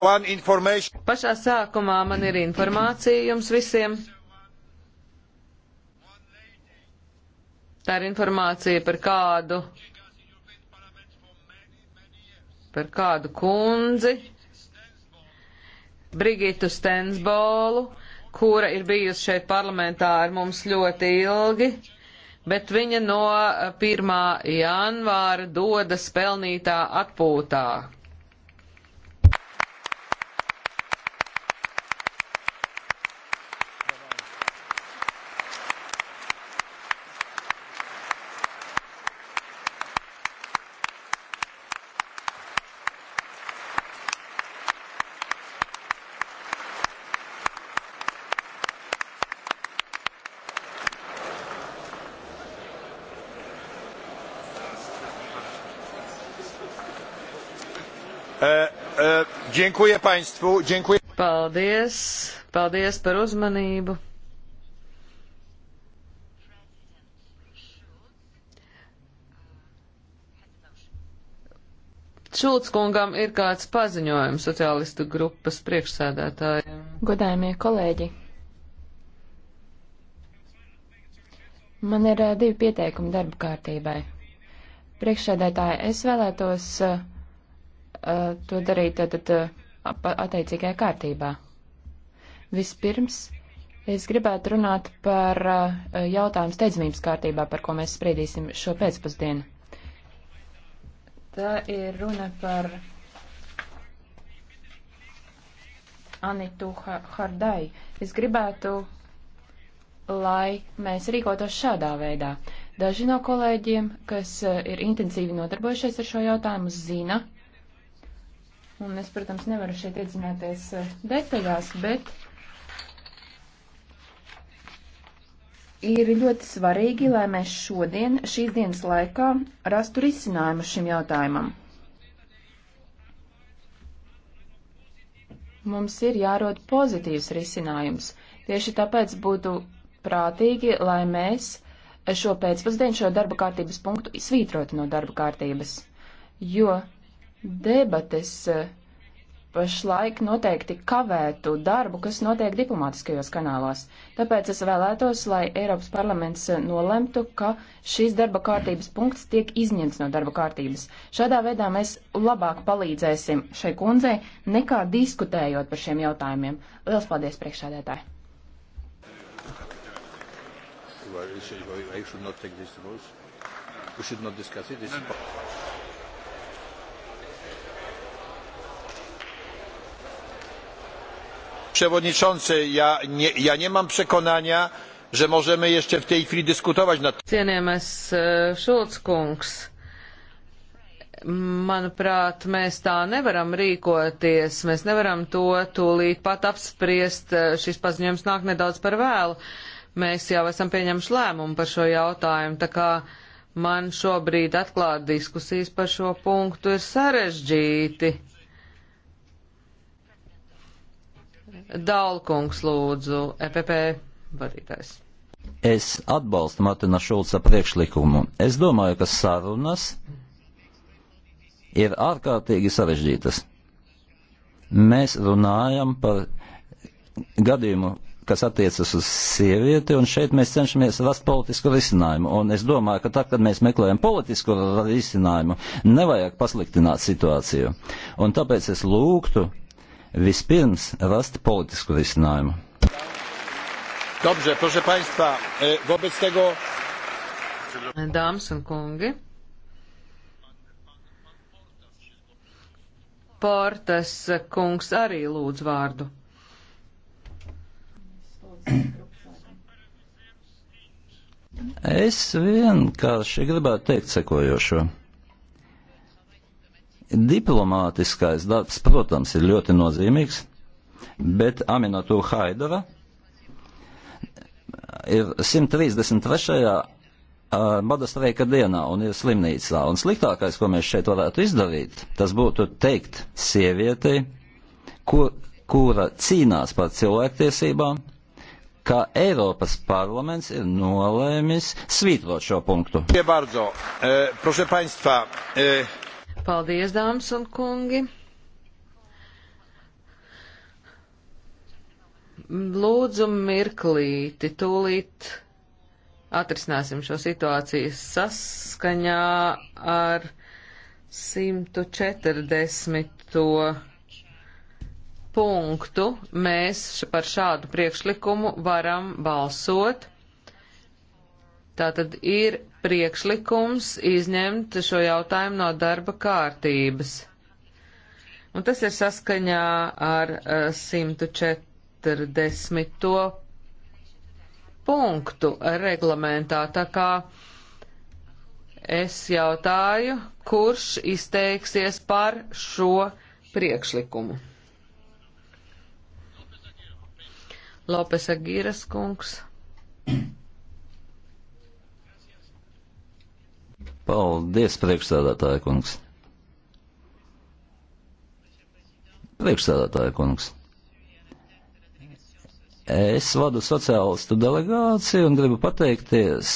Pašā sākumā man ir informācija jums visiem. Tā ir informācija par kādu, par kādu kundzi, Brigitu Stensbolu, kura ir bijusi šeit parlamentā ar mums ļoti ilgi, bet viņa no 1. Eh, janvāra dodas pelnītā atpūtā, E, e, dziękuję Państwu. Dziękuję. Paldies. Paldies par uzmanību. Šulc kungam ir kāds paziņojums sociālistu grupas priekšsēdētājiem. Godājumie kolēģi, man ir divi pieteikumi darba kārtībai. Priekšsēdētāji, es vēlētos uh, Eh, to darīt tātad eh, attiecīgajā kārtībā. Vispirms es gribētu runāt par eh, jautājumu steidzamības kārtībā, par ko mēs spriedīsim šo pēcpusdienu. Tā ir runa par Anitu Hardai. Es gribētu, lai mēs rīkotos šādā veidā. Daži no kolēģiem, kas ir intensīvi nodarbojušies ar šo jautājumu, zina, Un es, protams, nevaru šeit iedzināties eh, detaļās, bet ir ļoti svarīgi, lai mēs šodien, šīs dienas laikā, rastu risinājumu šim jautājumam. Mums ir jārod pozitīvs risinājums. Tieši tāpēc būtu prātīgi, lai mēs šo pēcpusdienu šo darba kārtības punktu svītrotu no darba kārtības, jo debates eh, pašlaik noteikti kavētu darbu, kas notiek diplomātiskajos kanālās. Tāpēc es vēlētos, lai Eiropas parlaments eh, nolemtu, ka šīs darba kārtības punkts tiek izņemts no darba kārtības. Šādā veidā mēs labāk palīdzēsim šai kundzei, nekā diskutējot par šiem jautājumiem. Lielas paldies, priekšsēdētāji! Well, I should not take this to most. We should not discuss it. This no, no. przewodniczący, ja nie, ja nie mam przekonania, że możemy jeszcze w tej chwili dyskutować nad... Cienījamais e, Šulc kungs, manuprāt, mēs tā nevaram rīkoties, mēs nevaram to tūlīt pat apspriest, e, šis paziņojums nāk nedaudz par vēlu. Mēs jau esam pieņemši lēmumu par šo jautājumu, tā kā man šobrīd atklāt diskusijas par šo punktu ir sarežģīti. Dalkungs lūdzu, EPP vadītājs. Es atbalstu Martina Šulca priekšlikumu. Es domāju, ka sarunas ir ārkārtīgi sarežģītas. Mēs runājam par gadījumu, kas attiecas uz sievieti, un šeit mēs cenšamies rast politisku risinājumu. Un es domāju, ka tad, kad mēs meklējam politisku risinājumu, nevajag pasliktināt situāciju. Un tāpēc es lūgtu vispirms rast politisku risinājumu. Dobrze, proszę Państwa, e, wobec tego. Dāmas un kungi, Portas kungs arī lūdz vārdu. Es vienkārši gribētu teikt sekojošo. Diplomātiskais darbs, protams, ir ļoti nozīmīgs, bet Aminatu Haidara ir 133. Badastrēka dienā un ir slimnīcā. Un sliktākais, ko mēs šeit varētu izdarīt, tas būtu teikt sievietei, kur, kura cīnās par cilvēktiesībām, ka Eiropas parlaments ir nolēmis svītrot šo punktu. Pie bardzo, e, prošē paņstvā, e... Paldies, dāmas un kungi! Lūdzu, mirklīti, tūlīt atrisināsim šo situāciju saskaņā ar 140 punktu mēs par šādu priekšlikumu varam balsot. Tātad ir priekšlikums izņemt šo jautājumu no darba kārtības. Un tas ir saskaņā ar 140. Eh, punktu reglamentā. Tā kā es jautāju, kurš izteiksies par šo priekšlikumu. Lopes Agīras kungs. Paldies, priekšsēdētāja kungs. Priekšsēdētāja kungs. Es vadu sociālistu delegāciju un gribu pateikties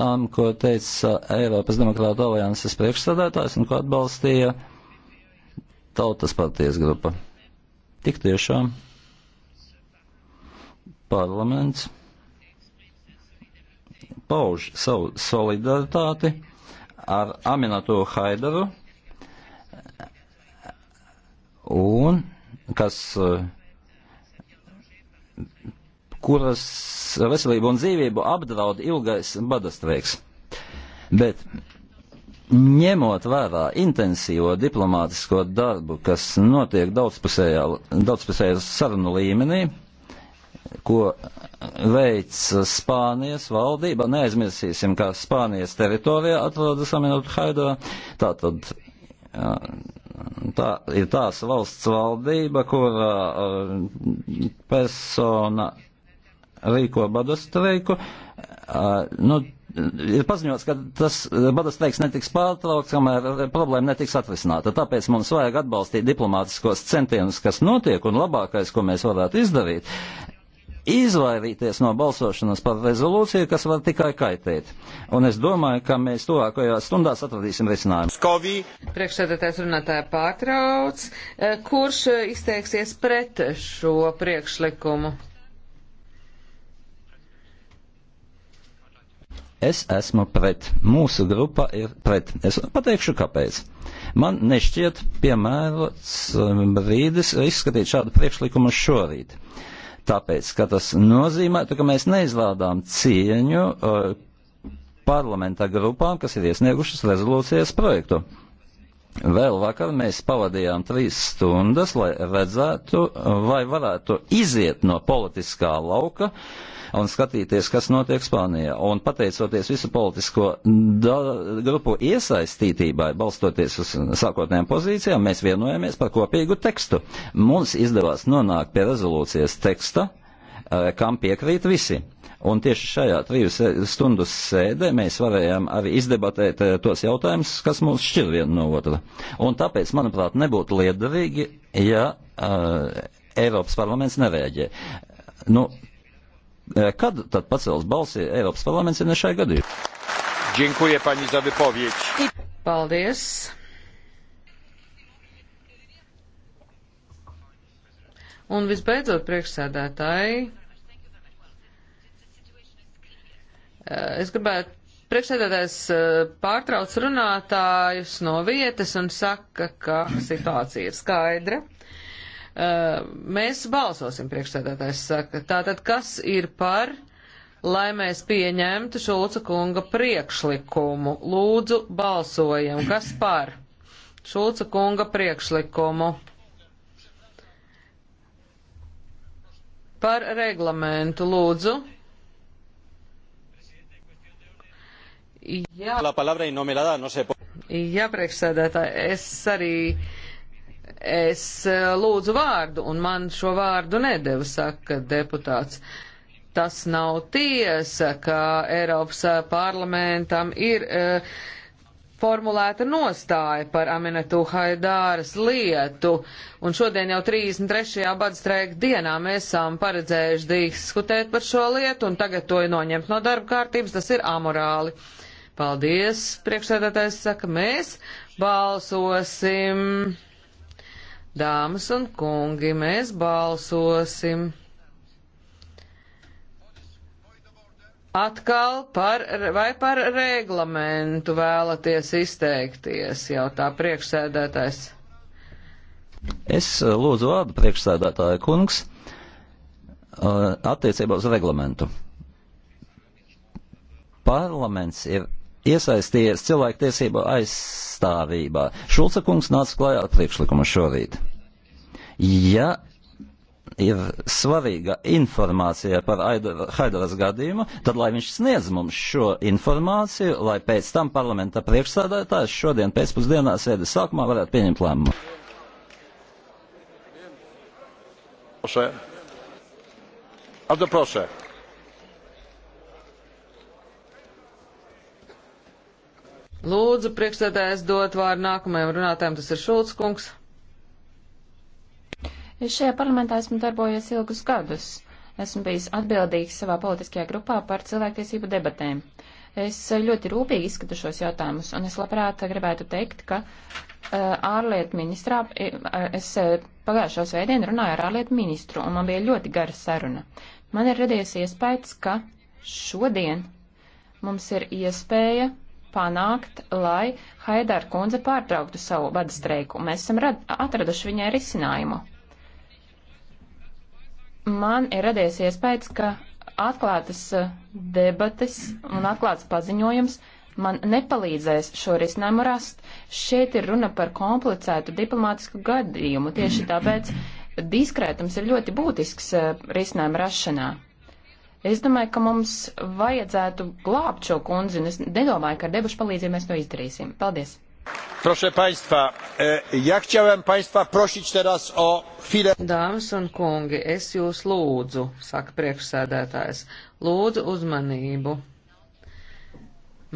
tām, ko teica Eiropas Demokrāta alianses priekšsēdētājs un ko atbalstīja Tautas partijas grupa. Tik tiešām parlaments pauž savu solidaritāti ar Aminato Haidaru, un kas, kuras veselību un dzīvību apdraud ilgais badastreiks. Bet ņemot vērā intensīvo diplomātisko darbu, kas notiek daudzpusējā, daudzpusējā sarunu līmenī, ko veic Spānijas valdība. Neaizmirsīsim, kā Spānijas teritorijā atrodas Aminatu Haido. Tātad tā ir tās valsts valdība, kur persona rīko badastreiku. Nu, ir paziņots, ka tas badastreiks netiks pārtraukts, kamēr problēma netiks atrisināta. Tāpēc mums vajag atbalstīt diplomātiskos centienus, kas notiek, un labākais, ko mēs varētu izdarīt, izvairīties no balsošanas par rezolūciju, kas var tikai kaitēt. Un es domāju, ka mēs tuvākajās stundās atradīsim risinājumu. Skovī. Priekšsēdētājs runātāja pārtrauc. E, kurš izteiksies pret šo priekšlikumu? Es esmu pret. Mūsu grupa ir pret. Es pateikšu, kāpēc. Man nešķiet piemērots um, brīdis izskatīt šādu priekšlikumu šorīt. Uh, Tāpēc, ka tas nozīmētu, ka mēs neizrādām cieņu uh, parlamenta grupām, kas ir iesniegušas rezolūcijas projektu. Vēl vakar mēs pavadījām trīs stundas, lai redzētu, uh, vai varētu iziet no politiskā lauka uh, un skatīties, kas notiek Spānijā. Un pateicoties visu politisko grupu iesaistītībai, balstoties uz sākotnējām pozīcijām, mēs vienojamies par kopīgu tekstu. Mums izdevās nonākt pie rezolūcijas teksta, eh, kam piekrīt visi. Un tieši šajā triju stundu sēdē mēs varējām arī izdebatēt eh, tos jautājumus, kas mūs šķir vienu no otra. Un tāpēc, manuprāt, nebūtu liederīgi, ja uh, Eiropas parlaments nereaģē. Nu, Eh, kad tad pacels balsi Eiropas parlaments, ja ne šai gadījumā? Dziękuję pani za wypowiedź. Paldies. Un visbeidzot, priekšsēdētāji, eh, es gribētu priekšsēdētājs eh, pārtrauc runātājus no vietas un saka, ka situācija ir skaidra. Mēs balsosim, priekšsēdētājs saka. Tātad, kas ir par, lai mēs pieņemtu Šulca kunga priekšlikumu? Lūdzu, balsojam. Kas par? Šulca kunga priekšlikumu. Par reglamentu lūdzu. Jā, ja, priekšsēdētāji, es arī Es eh, lūdzu vārdu, un man šo vārdu nedeva, saka deputāts. Tas nav tiesa, ka Eiropas eh, parlamentam ir uh, formulēta nostāja par Aminatu Haidāras lietu, un šodien jau 33. badstreika dienā mēs esam paredzējuši diskutēt par šo lietu, un tagad to noņemt no darba kārtības, tas ir amorāli. Paldies, priekšsēdētājs saka, mēs balsosim. Dāmas un kungi, mēs balsosim atkal par, vai par reglamentu vēlaties izteikties, jautā priekšsēdētājs. Es eh, lūdzu vārdu priekšsēdētāja kungs eh, attiecībā uz reglamentu. Parlaments ir iesaistījies cilvēktiesību aizstāvībā. Šulca kungs nāca klajā ar priekšlikumu šorīt. Ja ir svarīga informācija par Haidaras gadījumu, tad lai viņš sniedz mums šo informāciju, lai pēc tam parlamenta priekšsādātājs šodien pēcpusdienā sēdes sākumā varētu pieņemt lēmumu. Proszę. Bardzo proszę. Lūdzu, priekšsēdājs dot vārdu nākamajam runātājam, tas ir Šulc kungs. Es šajā parlamentā esmu darbojies ilgus gadus. Esmu bijis atbildīgs savā politiskajā grupā par cilvēktiesību debatēm. Es ļoti rūpīgi izskatu šos jautājumus, un es labprāt gribētu teikt, ka uh, ārlietu ministrā eh, es eh, pagājušos veidien runāju ar ārlietu ministru, un man bija ļoti gara saruna. Man ir radies iespējas, ka šodien mums ir iespēja panākt, lai Haidar kundze pārtrauktu savu badastreiku. Mēs esam atraduši viņai risinājumu. Man ir radies iespējas, ka atklātas eh, debates un atklāts paziņojums man nepalīdzēs šo risinājumu rast. Šeit ir runa par komplicētu diplomātisku gadījumu, tieši tāpēc diskrētums ir ļoti būtisks eh, risinājuma rašanā. Es domāju, ka mums vajadzētu glābt šo kundzi, un es nedomāju, ka ar debušu palīdzību mēs to izdarīsim. Paldies! Proszę Państwa, e, ja chciałem Państwa prosić teraz o chwilę. Dāmas un kungi, es jūs lūdzu, saka priekšsēdētājs, lūdzu uzmanību.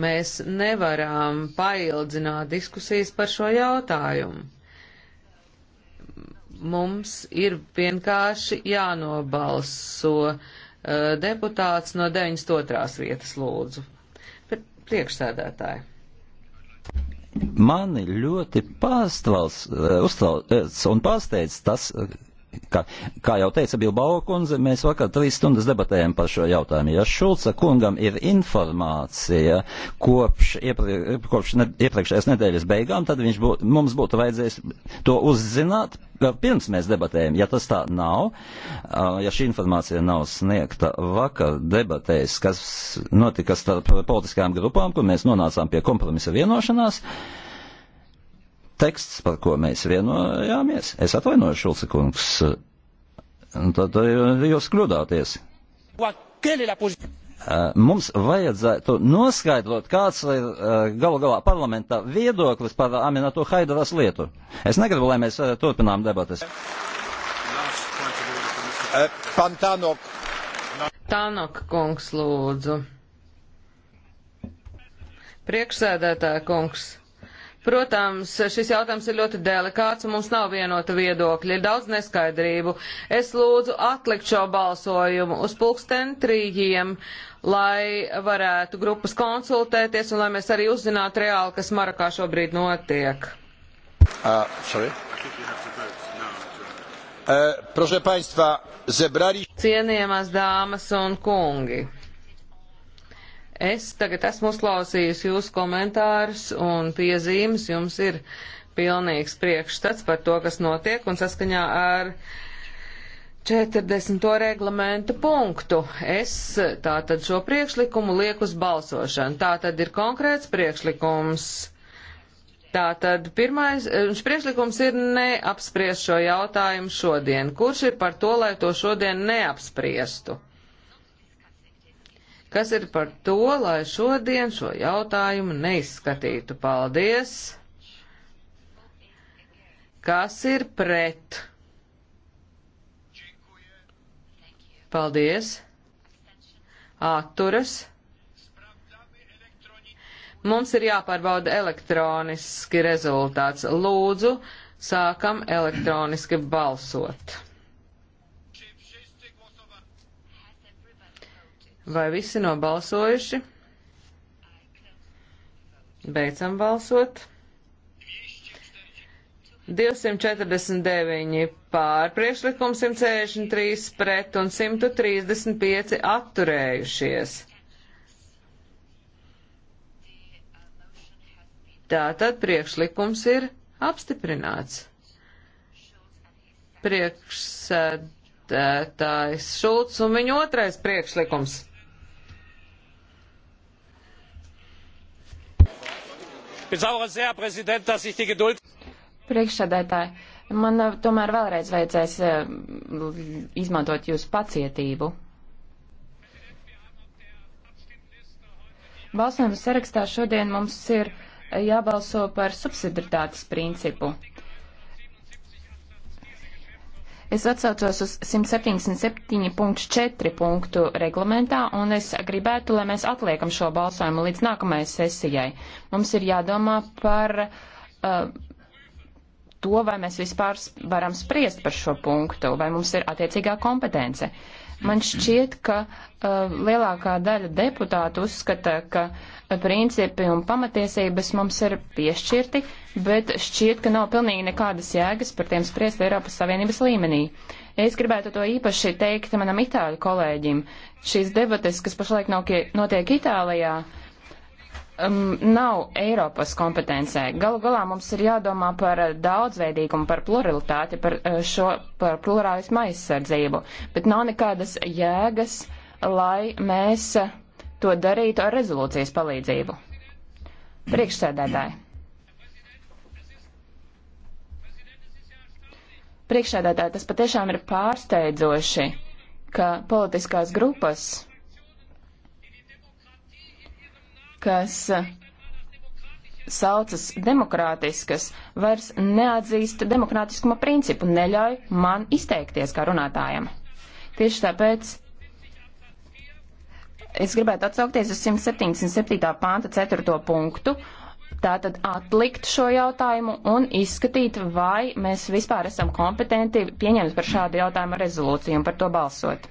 Mēs nevaram paildzināt diskusijas par šo jautājumu mums ir vienkārši jānobalso. Eh, deputāts no 92. vietas lūdzu. Priekšsēdētāji. Mani ļoti pārstāvs, eh, uzstāvs eh, un pārsteidz tas, Kā, kā jau teica Bilbao kundze, mēs vakar trīs stundas debatējām par šo jautājumu. Ja Šulca kungam ir informācija kopš, iepri, kopš ne, iepriekšējās nedēļas beigām, tad viņš būtu, mums būtu vajadzējis to uzzināt, pirms mēs debatējam. Ja tas tā nav, ja šī informācija nav sniegta vakar debatēs, kas notika starp politiskajām grupām, kur mēs nonācām pie kompromisa vienošanās, uh, teksts, par ko mēs vienojāmies. Es atvainoju, Šulce kungs, tad jūs kļūdāties. Mums vajadzētu noskaidrot, kāds ir eh, galu galā parlamentā viedoklis par Aminatu Haidaras lietu. Es negribu, lai mēs eh, turpinām debatas. Pan Tanok. Tanok kungs lūdzu. Priekšsēdētāja kungs. Protams, šis jautājums ir ļoti delikāts un mums nav vienota viedokļa, ir daudz neskaidrību. Es lūdzu atlikt šo balsojumu uz pulksten trījiem, lai varētu grupas konsultēties un lai mēs arī uzzinātu reāli, kas Marakā šobrīd notiek. Uh, sorry. Uh, proszę Państwa, zebrali... Cienījamās dāmas un kungi. Es tagad esmu uzklausījusi jūsu komentārus un piezīmes, jums ir pilnīgs priekšstats par to, kas notiek, un saskaņā ar 40. reglamentu punktu es tātad šo priekšlikumu lieku uz balsošanu. Tātad ir konkrēts priekšlikums. Tātad pirmais, eh, šis priekšlikums ir neapspriest šo jautājumu šodien. Kurš ir par to, lai to šodien neapspriestu? kas ir par to, lai šodien šo jautājumu neizskatītu. Paldies! Kas ir pret? Paldies! Atturas! Mums ir jāpārbauda elektroniski rezultāts. Lūdzu, sākam elektroniski balsot. Vai visi nobalsojuši? Beidzam balsot. 249 pār priekšlikumu, 163 pret un 135 atturējušies. Tātad priekšlikums ir apstiprināts. Priekšsēdētājs Šulcs un viņa otrais priekšlikums. Priekšsēdētāji, man uh, tomēr vēlreiz vajadzēs uh, izmantot jūsu pacietību. Balsojuma sarakstā šodien mums ir jābalso par subsidiritātes principu. Es atsaucos uz 177.4 punktu reglamentā, un es gribētu, lai mēs atliekam šo balsojumu līdz nākamajai sesijai. Mums ir jādomā par uh, to, vai mēs vispār varam spriest par šo punktu, vai mums ir attiecīgā kompetence. Uh, Man šķiet, ka uh, lielākā daļa deputātu uzskata, ka principi un pamatiesības mums ir piešķirti, bet šķiet, ka nav pilnīgi nekādas jēgas par tiem spriest Eiropas Savienības līmenī. Es gribētu to īpaši teikt manam itāļu kolēģim. Šīs debates, kas pašlaik notiek Itālijā, uh, um, nav Eiropas kompetencē. Galu galā mums ir jādomā par daudzveidīgumu, par pluralitāti, par uh, šo par plurālismu aizsardzību, bet nav nekādas jēgas, lai mēs uh, to darītu ar rezolūcijas palīdzību. Priekšsēdētāji. Priekšsēdētāji, tas patiešām ir pārsteidzoši, ka politiskās grupas kas saucas demokrātiskas, vairs neatzīst demokrātiskuma principu, neļauj man izteikties kā runātājam. Tieši tāpēc es gribētu atsaukties uz 177. panta 4. punktu, tātad atlikt šo jautājumu un izskatīt, vai mēs vispār esam kompetenti pieņemt par šādu jautājumu rezolūciju un par to balsot.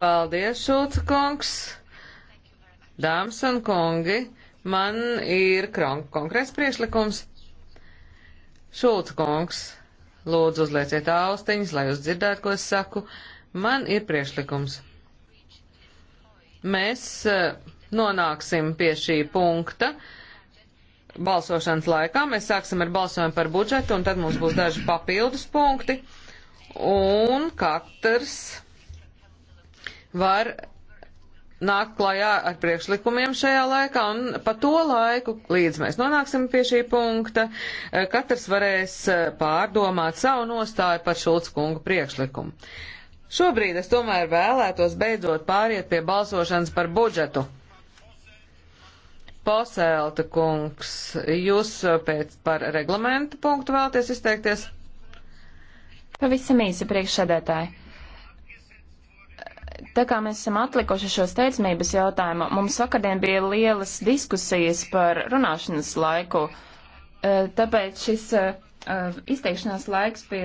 Paldies, Šulca kungs! Dāmas un kungi, man ir konkrēts priekšlikums. Šulc kungs, lūdzu uzlieciet austiņas, lai jūs dzirdētu, ko es saku. Man ir priekšlikums. Mēs eh, nonāksim pie šī punkta. Balsošanas laikā mēs sāksim ar balsojumu par budžetu, un tad mums būs daži papildus punkti, un katrs var nākt klajā ar priekšlikumiem šajā laikā, un pa to laiku, līdz mēs nonāksim pie šī punkta, eh, katrs varēs eh, pārdomāt savu nostāju par Šulc kungu priekšlikumu. Šobrīd es tomēr vēlētos beidzot pāriet pie balsošanas par budžetu. Posēlta kungs, jūs pēc par reglamentu punktu vēlaties izteikties? Pavisam īsi priekšsēdētāji. Tā kā mēs esam atlikuši šo steidzamības jautājumu, mums vakardien bija lielas diskusijas par runāšanas laiku, e, tāpēc šis e, e, izteikšanās laiks pie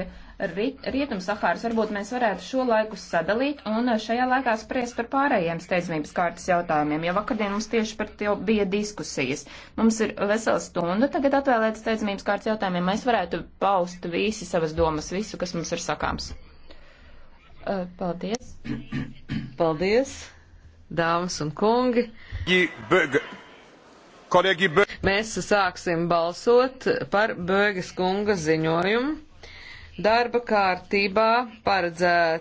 Rietumsahāras varbūt mēs varētu šo laiku sadalīt un šajā laikā spriest par pārējiem steidzamības kārtas jautājumiem, jo vakardien mums tieši par to bija diskusijas. Mums ir vesela stunda tagad atvēlēt steidzamības kārtas jautājumiem, mēs varētu paust visi savas domas, visu, kas mums ir sakāms. Uh, paldies. Paldies, dāmas un kungi. Mēs sāksim balsot par Bēgas kunga ziņojumu. Darba kārtībā paredzēt.